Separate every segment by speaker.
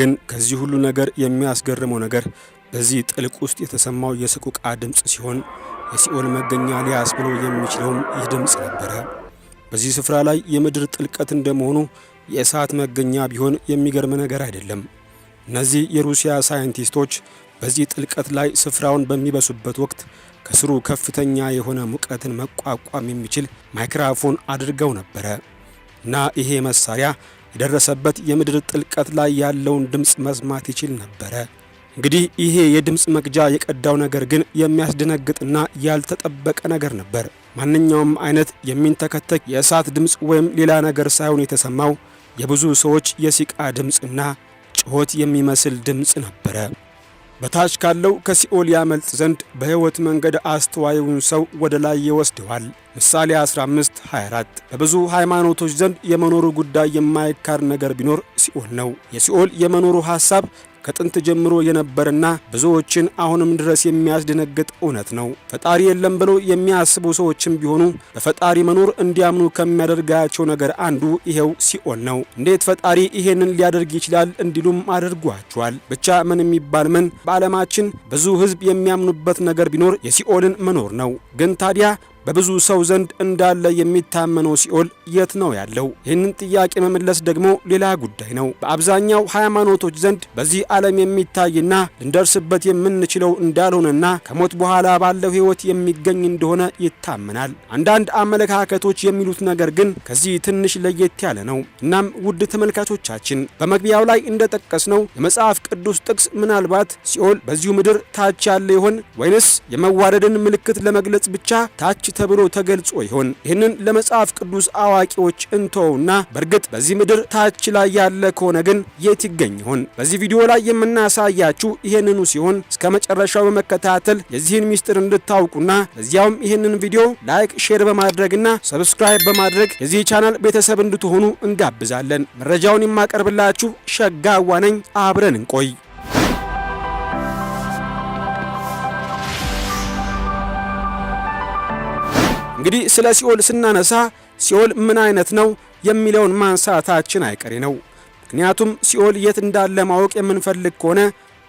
Speaker 1: ግን ከዚህ ሁሉ ነገር የሚያስገርመው ነገር በዚህ ጥልቅ ውስጥ የተሰማው የስቁቃ ድምፅ ሲሆን የሲኦል መገኛ ብሎ የሚችለውም ይህ ድምፅ ነበረ። በዚህ ስፍራ ላይ የምድር ጥልቀት እንደመሆኑ የእሳት መገኛ ቢሆን የሚገርም ነገር አይደለም። እነዚህ የሩሲያ ሳይንቲስቶች በዚህ ጥልቀት ላይ ስፍራውን በሚበሱበት ወቅት ከስሩ ከፍተኛ የሆነ ሙቀትን መቋቋም የሚችል ማይክራፎን አድርገው ነበረ እና ይሄ መሳሪያ የደረሰበት የምድር ጥልቀት ላይ ያለውን ድምፅ መስማት ይችል ነበረ። እንግዲህ ይሄ የድምፅ መቅጃ የቀዳው ነገር ግን የሚያስደነግጥና ያልተጠበቀ ነገር ነበር። ማንኛውም አይነት የሚንተከተክ የእሳት ድምፅ ወይም ሌላ ነገር ሳይሆን የተሰማው የብዙ ሰዎች የሲቃ ድምፅና ጩኸት የሚመስል ድምፅ ነበረ። በታች ካለው ከሲኦል ያመልጥ ዘንድ በሕይወት መንገድ አስተዋይውን ሰው ወደ ላይ ይወስደዋል። ምሳሌ 15 24 በብዙ ሃይማኖቶች ዘንድ የመኖሩ ጉዳይ የማይካር ነገር ቢኖር ሲኦል ነው። የሲኦል የመኖሩ ሐሳብ ከጥንት ጀምሮ የነበርና ብዙዎችን አሁንም ድረስ የሚያስደነግጥ እውነት ነው። ፈጣሪ የለም ብለው የሚያስቡ ሰዎችም ቢሆኑ በፈጣሪ መኖር እንዲያምኑ ከሚያደርጋቸው ነገር አንዱ ይሄው ሲኦል ነው። እንዴት ፈጣሪ ይሄንን ሊያደርግ ይችላል እንዲሉም አድርጓቸዋል። ብቻ ምን የሚባል ምን በዓለማችን ብዙ ህዝብ የሚያምኑበት ነገር ቢኖር የሲኦልን መኖር ነው። ግን ታዲያ በብዙ ሰው ዘንድ እንዳለ የሚታመነው ሲኦል የት ነው ያለው? ይህንን ጥያቄ መመለስ ደግሞ ሌላ ጉዳይ ነው። በአብዛኛው ሃይማኖቶች ዘንድ በዚህ ዓለም የሚታይና ልንደርስበት የምንችለው እንዳልሆነና ከሞት በኋላ ባለው ሕይወት የሚገኝ እንደሆነ ይታመናል። አንዳንድ አመለካከቶች የሚሉት ነገር ግን ከዚህ ትንሽ ለየት ያለ ነው። እናም ውድ ተመልካቾቻችን በመግቢያው ላይ እንደጠቀስነው የመጽሐፍ ቅዱስ ጥቅስ ምናልባት ሲኦል በዚሁ ምድር ታች ያለ ይሆን ወይንስ የመዋረድን ምልክት ለመግለጽ ብቻ ታች ተብሎ ተገልጾ ይሆን? ይህንን ለመጽሐፍ ቅዱስ አዋቂዎች እንተውና በእርግጥ በዚህ ምድር ታች ላይ ያለ ከሆነ ግን የት ይገኝ ይሆን? በዚህ ቪዲዮ ላይ የምናሳያችሁ ይህንኑ ሲሆን እስከ መጨረሻው በመከታተል የዚህን ሚስጥር እንድታውቁና በዚያውም ይህንን ቪዲዮ ላይክ፣ ሼር በማድረግና ሰብስክራይብ በማድረግ የዚህ ቻናል ቤተሰብ እንድትሆኑ እንጋብዛለን። መረጃውን የማቀርብላችሁ ሸጋዋ ነኝ። አብረን እንቆይ። እንግዲህ ስለ ሲኦል ስናነሳ ሲኦል ምን አይነት ነው የሚለውን ማንሳታችን አይቀሬ ነው። ምክንያቱም ሲኦል የት እንዳለ ማወቅ የምንፈልግ ከሆነ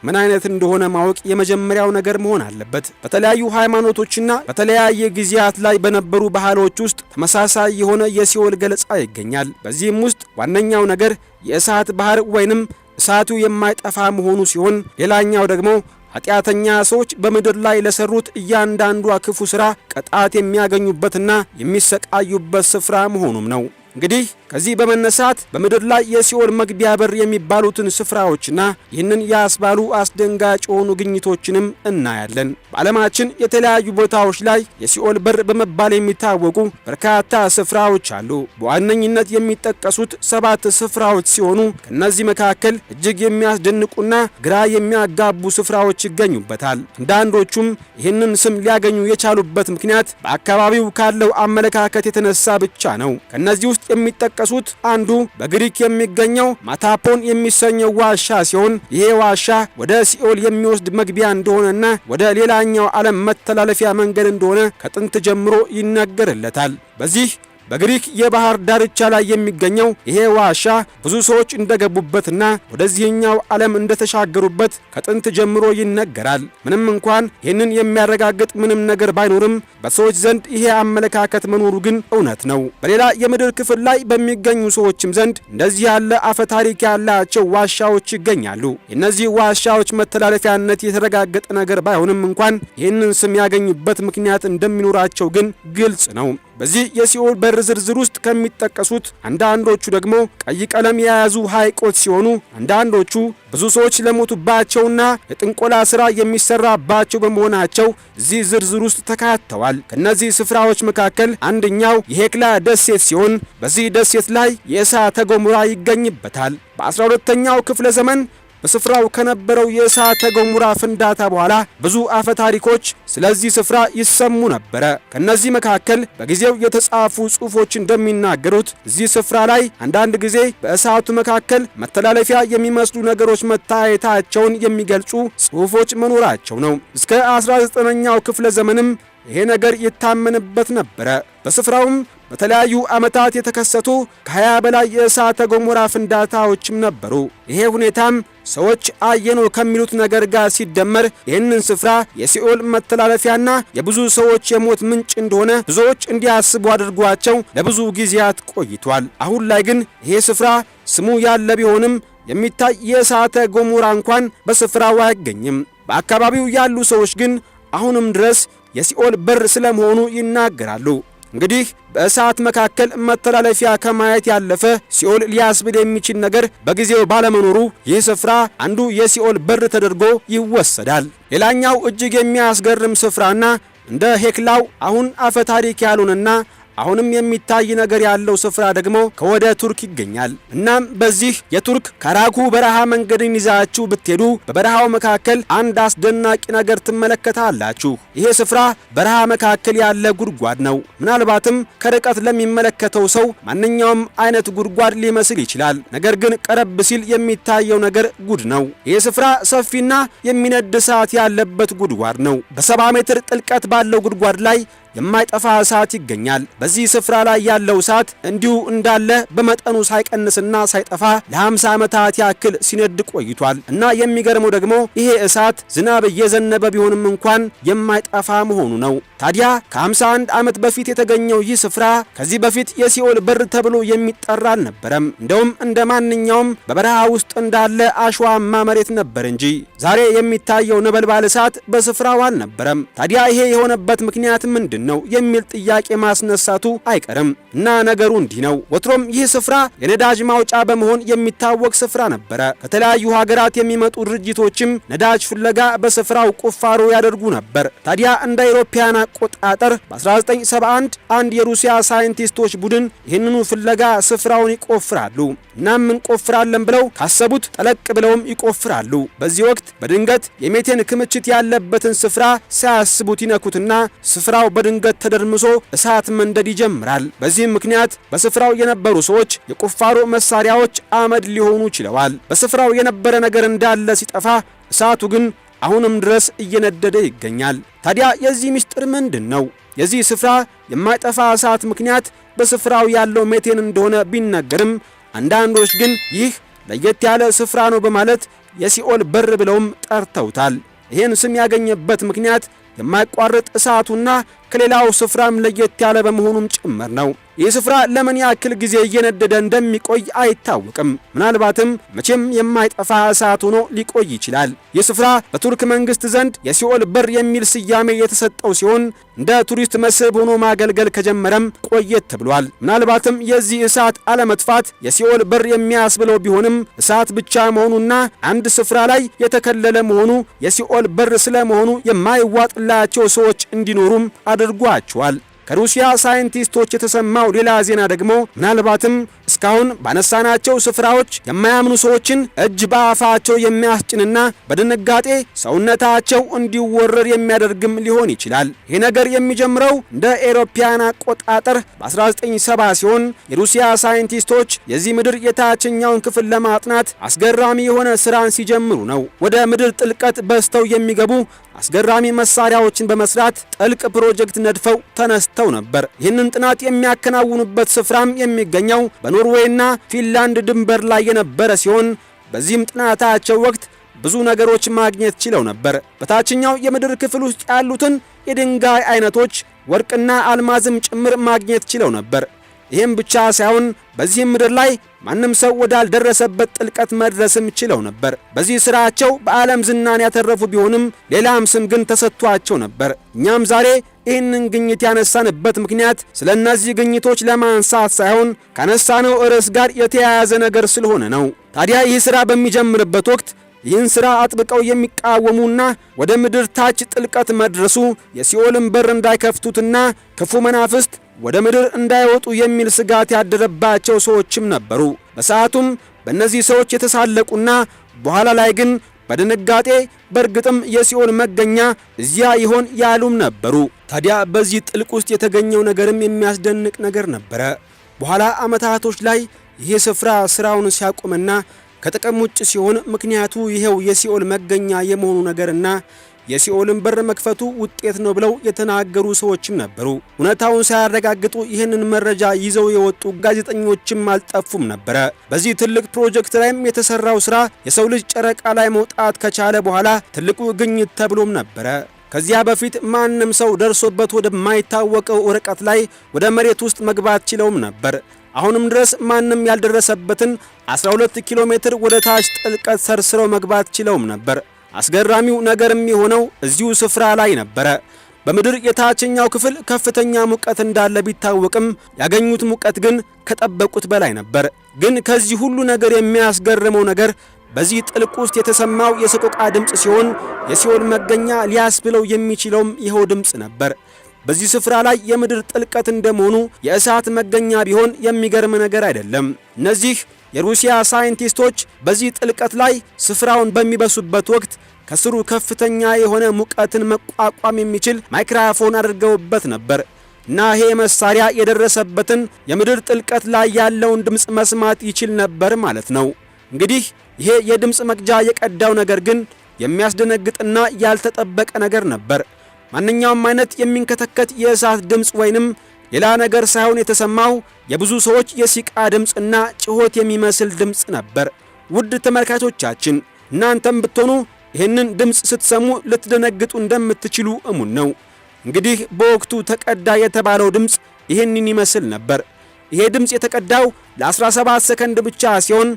Speaker 1: ምን አይነት እንደሆነ ማወቅ የመጀመሪያው ነገር መሆን አለበት። በተለያዩ ሃይማኖቶችና በተለያየ ጊዜያት ላይ በነበሩ ባህሎች ውስጥ ተመሳሳይ የሆነ የሲኦል ገለጻ ይገኛል። በዚህም ውስጥ ዋነኛው ነገር የእሳት ባህር ወይንም እሳቱ የማይጠፋ መሆኑ ሲሆን ሌላኛው ደግሞ ኃጢአተኛ ሰዎች በምድር ላይ ለሰሩት እያንዳንዷ ክፉ ሥራ ቅጣት የሚያገኙበትና የሚሰቃዩበት ስፍራ መሆኑም ነው። እንግዲህ ከዚህ በመነሳት በምድር ላይ የሲኦል መግቢያ በር የሚባሉትን ስፍራዎችና ይህንን ያስባሉ አስደንጋጭ የሆኑ ግኝቶችንም እናያለን። በዓለማችን የተለያዩ ቦታዎች ላይ የሲኦል በር በመባል የሚታወቁ በርካታ ስፍራዎች አሉ። በዋነኝነት የሚጠቀሱት ሰባት ስፍራዎች ሲሆኑ ከእነዚህ መካከል እጅግ የሚያስደንቁና ግራ የሚያጋቡ ስፍራዎች ይገኙበታል። አንዳንዶቹም ይህንን ስም ሊያገኙ የቻሉበት ምክንያት በአካባቢው ካለው አመለካከት የተነሳ ብቻ ነው። ከእነዚህ ውስጥ የሚጠቀ ከጠቀሱት አንዱ በግሪክ የሚገኘው ማታፖን የሚሰኘው ዋሻ ሲሆን ይሄ ዋሻ ወደ ሲኦል የሚወስድ መግቢያ እንደሆነና ወደ ሌላኛው ዓለም መተላለፊያ መንገድ እንደሆነ ከጥንት ጀምሮ ይነገርለታል። በዚህ በግሪክ የባህር ዳርቻ ላይ የሚገኘው ይሄ ዋሻ ብዙ ሰዎች እንደገቡበትና ወደዚህኛው ዓለም እንደተሻገሩበት ከጥንት ጀምሮ ይነገራል። ምንም እንኳን ይህንን የሚያረጋግጥ ምንም ነገር ባይኖርም በሰዎች ዘንድ ይሄ አመለካከት መኖሩ ግን እውነት ነው። በሌላ የምድር ክፍል ላይ በሚገኙ ሰዎችም ዘንድ እንደዚህ ያለ አፈ ታሪክ ያላቸው ዋሻዎች ይገኛሉ። የእነዚህ ዋሻዎች መተላለፊያነት የተረጋገጠ ነገር ባይሆንም እንኳን ይህንን ስም ያገኙበት ምክንያት እንደሚኖራቸው ግን ግልጽ ነው። በዚህ የሲኦል በር ዝርዝር ውስጥ ከሚጠቀሱት አንዳንዶቹ ደግሞ ቀይ ቀለም የያዙ ሐይቆች ሲሆኑ አንዳንዶቹ ብዙ ሰዎች ለሞቱባቸውና የጥንቆላ ስራ የሚሰራባቸው በመሆናቸው እዚህ ዝርዝር ውስጥ ተካተዋል። ከነዚህ ስፍራዎች መካከል አንደኛው የሄክላ ደሴት ሲሆን በዚህ ደሴት ላይ የእሳተ ገሞራ ይገኝበታል። በ12ኛው ክፍለ ዘመን በስፍራው ከነበረው የእሳተ ገሞራ ፍንዳታ በኋላ ብዙ አፈ ታሪኮች ስለዚህ ስፍራ ይሰሙ ነበረ። ከነዚህ መካከል በጊዜው የተጻፉ ጽሑፎች እንደሚናገሩት እዚህ ስፍራ ላይ አንዳንድ ጊዜ በእሳቱ መካከል መተላለፊያ የሚመስሉ ነገሮች መታየታቸውን የሚገልጹ ጽሑፎች መኖራቸው ነው። እስከ 19ኛው ክፍለ ዘመንም ይሄ ነገር ይታመንበት ነበረ። በስፍራውም በተለያዩ ዓመታት የተከሰቱ ከ20 በላይ የእሳተ ገሞራ ፍንዳታዎችም ነበሩ። ይሄ ሁኔታም ሰዎች አየኖ ከሚሉት ነገር ጋር ሲደመር ይህንን ስፍራ የሲኦል መተላለፊያና የብዙ ሰዎች የሞት ምንጭ እንደሆነ ብዙዎች እንዲያስቡ አድርጓቸው ለብዙ ጊዜያት ቆይቷል። አሁን ላይ ግን ይሄ ስፍራ ስሙ ያለ ቢሆንም የሚታይ የእሳተ ገሞራ እንኳን በስፍራው አይገኝም። በአካባቢው ያሉ ሰዎች ግን አሁንም ድረስ የሲኦል በር ስለመሆኑ ይናገራሉ። እንግዲህ በእሳት መካከል መተላለፊያ ከማየት ያለፈ ሲኦል ሊያስብል የሚችል ነገር በጊዜው ባለመኖሩ ይህ ስፍራ አንዱ የሲኦል በር ተደርጎ ይወሰዳል። ሌላኛው እጅግ የሚያስገርም ስፍራና እንደ ሄክላው አሁን አፈ ታሪክ ያሉንና አሁንም የሚታይ ነገር ያለው ስፍራ ደግሞ ከወደ ቱርክ ይገኛል። እናም በዚህ የቱርክ ከራኩ በረሃ መንገድን ይዛችሁ ብትሄዱ በበረሃው መካከል አንድ አስደናቂ ነገር ትመለከታላችሁ። ይሄ ስፍራ በረሃ መካከል ያለ ጉድጓድ ነው። ምናልባትም ከርቀት ለሚመለከተው ሰው ማንኛውም አይነት ጉድጓድ ሊመስል ይችላል። ነገር ግን ቀረብ ሲል የሚታየው ነገር ጉድ ነው። ይሄ ስፍራ ሰፊና የሚነድ እሳት ያለበት ጉድጓድ ነው። በሰባ ሜትር ጥልቀት ባለው ጉድጓድ ላይ የማይጠፋ እሳት ይገኛል። በዚህ ስፍራ ላይ ያለው እሳት እንዲሁ እንዳለ በመጠኑ ሳይቀንስና ሳይጠፋ ለ50 ዓመታት ያክል ሲነድ ቆይቷል እና የሚገርመው ደግሞ ይሄ እሳት ዝናብ እየዘነበ ቢሆንም እንኳን የማይጠፋ መሆኑ ነው። ታዲያ ከ51 ዓመት በፊት የተገኘው ይህ ስፍራ ከዚህ በፊት የሲኦል በር ተብሎ የሚጠራ አልነበረም። እንደውም እንደ ማንኛውም በበረሃ ውስጥ እንዳለ አሸዋማ መሬት ነበር እንጂ ዛሬ የሚታየው ነበልባል እሳት በስፍራው አልነበረም። ታዲያ ይሄ የሆነበት ምክንያት ምንድን ምንድን ነው የሚል ጥያቄ ማስነሳቱ አይቀርም እና ነገሩ እንዲህ ነው። ወትሮም ይህ ስፍራ የነዳጅ ማውጫ በመሆን የሚታወቅ ስፍራ ነበረ። ከተለያዩ ሀገራት የሚመጡ ድርጅቶችም ነዳጅ ፍለጋ በስፍራው ቁፋሮ ያደርጉ ነበር። ታዲያ እንደ አውሮፓውያን አቆጣጠር በ1971 አንድ የሩሲያ ሳይንቲስቶች ቡድን ይህንኑ ፍለጋ ስፍራውን ይቆፍራሉ። እናም እንቆፍራለን ብለው ካሰቡት ጠለቅ ብለውም ይቆፍራሉ። በዚህ ወቅት በድንገት የሜቴን ክምችት ያለበትን ስፍራ ሳያስቡት ይነኩትና ስፍራው በድ በድንገት ተደርምሶ እሳት መንደድ ይጀምራል። በዚህም ምክንያት በስፍራው የነበሩ ሰዎች የቁፋሮ መሳሪያዎች አመድ ሊሆኑ ችለዋል። በስፍራው የነበረ ነገር እንዳለ ሲጠፋ፣ እሳቱ ግን አሁንም ድረስ እየነደደ ይገኛል። ታዲያ የዚህ ምስጢር ምንድን ነው? የዚህ ስፍራ የማይጠፋ እሳት ምክንያት በስፍራው ያለው ሜቴን እንደሆነ ቢነገርም አንዳንዶች ግን ይህ ለየት ያለ ስፍራ ነው በማለት የሲኦል በር ብለውም ጠርተውታል። ይህን ስም ያገኘበት ምክንያት የማይቋረጥ እሳቱና ከሌላው ስፍራም ለየት ያለ በመሆኑም ጭምር ነው። ይህ ስፍራ ለምን ያክል ጊዜ እየነደደ እንደሚቆይ አይታወቅም። ምናልባትም መቼም የማይጠፋ እሳት ሆኖ ሊቆይ ይችላል። ይህ ስፍራ በቱርክ መንግስት ዘንድ የሲኦል በር የሚል ስያሜ የተሰጠው ሲሆን እንደ ቱሪስት መስህብ ሆኖ ማገልገል ከጀመረም ቆየት ተብሏል። ምናልባትም የዚህ እሳት አለመጥፋት የሲኦል በር የሚያስብለው ቢሆንም እሳት ብቻ መሆኑና አንድ ስፍራ ላይ የተከለለ መሆኑ የሲኦል በር ስለመሆኑ የማይዋጥላቸው ሰዎች እንዲኖሩም አድ አድርጓቸዋል። ከሩሲያ ሳይንቲስቶች የተሰማው ሌላ ዜና ደግሞ ምናልባትም እስካሁን ባነሳናቸው ስፍራዎች የማያምኑ ሰዎችን እጅ በአፋቸው የሚያስጭንና በድንጋጤ ሰውነታቸው እንዲወረር የሚያደርግም ሊሆን ይችላል። ይህ ነገር የሚጀምረው እንደ ኤሮፓያን አቆጣጠር በ1970 ሲሆን የሩሲያ ሳይንቲስቶች የዚህ ምድር የታችኛውን ክፍል ለማጥናት አስገራሚ የሆነ ስራን ሲጀምሩ ነው። ወደ ምድር ጥልቀት በስተው የሚገቡ አስገራሚ መሳሪያዎችን በመስራት ጥልቅ ፕሮጀክት ነድፈው ተነስተው ነበር። ይህንን ጥናት የሚያከናውኑበት ስፍራም የሚገኘው በኖርዌይና ፊንላንድ ድንበር ላይ የነበረ ሲሆን በዚህም ጥናታቸው ወቅት ብዙ ነገሮች ማግኘት ችለው ነበር። በታችኛው የምድር ክፍል ውስጥ ያሉትን የድንጋይ አይነቶች ወርቅና አልማዝም ጭምር ማግኘት ችለው ነበር። ይህም ብቻ ሳይሆን በዚህም ምድር ላይ ማንም ሰው ወዳልደረሰበት ጥልቀት መድረስም ችለው ነበር። በዚህ ስራቸው በዓለም ዝናን ያተረፉ ቢሆንም ሌላም ስም ግን ተሰጥቷቸው ነበር። እኛም ዛሬ ይህንን ግኝት ያነሳንበት ምክንያት ስለ እነዚህ ግኝቶች ለማንሳት ሳይሆን ከነሳነው ርዕስ ጋር የተያያዘ ነገር ስለሆነ ነው። ታዲያ ይህ ሥራ በሚጀምርበት ወቅት ይህን ሥራ አጥብቀው የሚቃወሙና ወደ ምድር ታች ጥልቀት መድረሱ የሲኦልን በር እንዳይከፍቱትና ክፉ መናፍስት ወደ ምድር እንዳይወጡ የሚል ስጋት ያደረባቸው ሰዎችም ነበሩ። በሰዓቱም በእነዚህ ሰዎች የተሳለቁና በኋላ ላይ ግን በድንጋጤ በእርግጥም የሲኦል መገኛ እዚያ ይሆን ያሉም ነበሩ። ታዲያ በዚህ ጥልቅ ውስጥ የተገኘው ነገርም የሚያስደንቅ ነገር ነበረ። በኋላ ዓመታቶች ላይ ይህ ስፍራ ሥራውን ሲያቆምና ከጥቅም ውጭ ሲሆን ምክንያቱ ይሄው የሲኦል መገኛ የመሆኑ ነገርና የሲኦልን በር መክፈቱ ውጤት ነው ብለው የተናገሩ ሰዎችም ነበሩ። እውነታውን ሳያረጋግጡ ይህንን መረጃ ይዘው የወጡ ጋዜጠኞችም አልጠፉም ነበረ። በዚህ ትልቅ ፕሮጀክት ላይም የተሰራው ስራ የሰው ልጅ ጨረቃ ላይ መውጣት ከቻለ በኋላ ትልቁ ግኝት ተብሎም ነበረ። ከዚያ በፊት ማንም ሰው ደርሶበት ወደማይታወቀው ርቀት ላይ ወደ መሬት ውስጥ መግባት ችለውም ነበር። አሁንም ድረስ ማንም ያልደረሰበትን 12 ኪሎ ሜትር ወደ ታች ጥልቀት ሰርስረው መግባት ችለውም ነበር። አስገራሚው ነገርም የሆነው እዚሁ ስፍራ ላይ ነበረ። በምድር የታችኛው ክፍል ከፍተኛ ሙቀት እንዳለ ቢታወቅም ያገኙት ሙቀት ግን ከጠበቁት በላይ ነበር። ግን ከዚህ ሁሉ ነገር የሚያስገርመው ነገር በዚህ ጥልቅ ውስጥ የተሰማው የሰቆቃ ድምፅ ሲሆን የሲኦል መገኛ ሊያስብለው የሚችለውም ይኸው ድምፅ ነበር። በዚህ ስፍራ ላይ የምድር ጥልቀት እንደመሆኑ የእሳት መገኛ ቢሆን የሚገርም ነገር አይደለም። እነዚህ የሩሲያ ሳይንቲስቶች በዚህ ጥልቀት ላይ ስፍራውን በሚበሱበት ወቅት ከስሩ ከፍተኛ የሆነ ሙቀትን መቋቋም የሚችል ማይክራፎን አድርገውበት ነበር እና ይሄ መሳሪያ የደረሰበትን የምድር ጥልቀት ላይ ያለውን ድምፅ መስማት ይችል ነበር ማለት ነው። እንግዲህ ይሄ የድምፅ መቅጃ የቀዳው ነገር ግን የሚያስደነግጥና ያልተጠበቀ ነገር ነበር። ማንኛውም አይነት የሚንከተከት የእሳት ድምፅ ወይንም ሌላ ነገር ሳይሆን የተሰማው የብዙ ሰዎች የሲቃ ድምፅና ጭሆት የሚመስል ድምፅ ነበር። ውድ ተመልካቾቻችን እናንተም ብትሆኑ ይህንን ድምፅ ስትሰሙ ልትደነግጡ እንደምትችሉ እሙን ነው። እንግዲህ በወቅቱ ተቀዳ የተባለው ድምፅ ይህንን ይመስል ነበር። ይሄ ድምፅ የተቀዳው ለ17 ሰከንድ ብቻ ሲሆን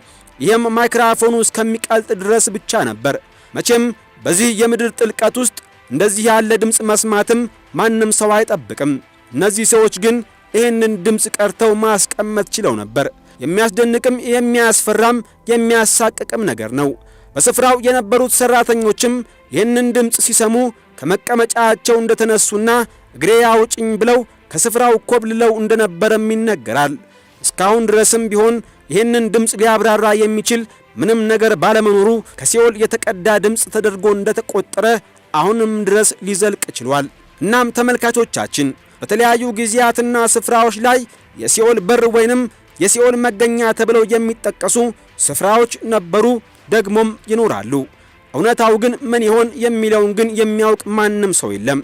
Speaker 1: ይህም ማይክራፎኑ እስከሚቀልጥ ድረስ ብቻ ነበር። መቼም በዚህ የምድር ጥልቀት ውስጥ እንደዚህ ያለ ድምፅ መስማትም ማንም ሰው አይጠብቅም። እነዚህ ሰዎች ግን ይህንን ድምፅ ቀርተው ማስቀመጥ ችለው ነበር። የሚያስደንቅም የሚያስፈራም የሚያሳቅቅም ነገር ነው። በስፍራው የነበሩት ሠራተኞችም ይህንን ድምፅ ሲሰሙ ከመቀመጫቸው እንደተነሱና እግሬ አውጭኝ ብለው ከስፍራው ኮብልለው እንደነበረም ይነገራል። እስካሁን ድረስም ቢሆን ይህንን ድምፅ ሊያብራራ የሚችል ምንም ነገር ባለመኖሩ ከሲኦል የተቀዳ ድምፅ ተደርጎ እንደተቆጠረ አሁንም ድረስ ሊዘልቅ ችሏል። እናም ተመልካቾቻችን በተለያዩ ጊዜያትና ስፍራዎች ላይ የሲኦል በር ወይንም የሲኦል መገኛ ተብለው የሚጠቀሱ ስፍራዎች ነበሩ፣ ደግሞም ይኖራሉ። እውነታው ግን ምን ይሆን የሚለውን ግን የሚያውቅ ማንም ሰው የለም።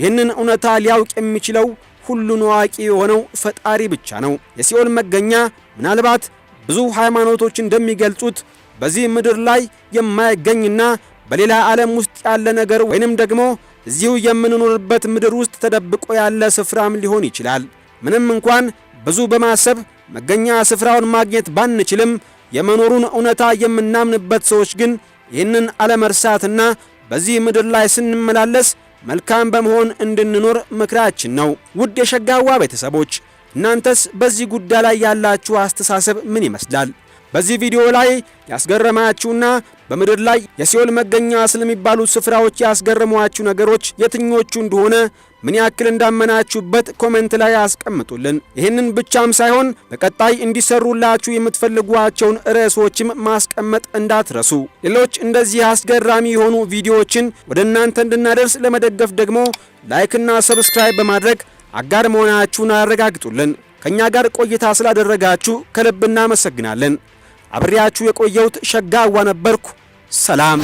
Speaker 1: ይህንን እውነታ ሊያውቅ የሚችለው ሁሉን አዋቂ የሆነው ፈጣሪ ብቻ ነው። የሲኦል መገኛ ምናልባት ብዙ ሃይማኖቶች እንደሚገልጹት በዚህ ምድር ላይ የማይገኝና በሌላ ዓለም ውስጥ ያለ ነገር ወይንም ደግሞ እዚሁ የምንኖርበት ምድር ውስጥ ተደብቆ ያለ ስፍራም ሊሆን ይችላል። ምንም እንኳን ብዙ በማሰብ መገኛ ስፍራውን ማግኘት ባንችልም የመኖሩን እውነታ የምናምንበት ሰዎች ግን ይህንን አለመርሳትና በዚህ ምድር ላይ ስንመላለስ መልካም በመሆን እንድንኖር ምክራችን ነው። ውድ የሸጋዋ ቤተሰቦች እናንተስ በዚህ ጉዳይ ላይ ያላችሁ አስተሳሰብ ምን ይመስላል? በዚህ ቪዲዮ ላይ ያስገረማችሁና በምድር ላይ የሲኦል መገኛ ስለሚባሉ ስፍራዎች ያስገረሟችሁ ነገሮች የትኞቹ እንደሆነ ምን ያክል እንዳመናችሁበት ኮሜንት ላይ አስቀምጡልን። ይህንን ብቻም ሳይሆን በቀጣይ እንዲሰሩላችሁ የምትፈልጓቸውን ርዕሶችም ማስቀመጥ እንዳትረሱ። ሌሎች እንደዚህ አስገራሚ የሆኑ ቪዲዮዎችን ወደ እናንተ እንድናደርስ ለመደገፍ ደግሞ ላይክና ሰብስክራይብ በማድረግ አጋር መሆናችሁን አረጋግጡልን። ከእኛ ጋር ቆይታ ስላደረጋችሁ ከልብ እናመሰግናለን። አብሬያችሁ የቆየሁት ሸጋ አዋ ነበርኩ። ሰላም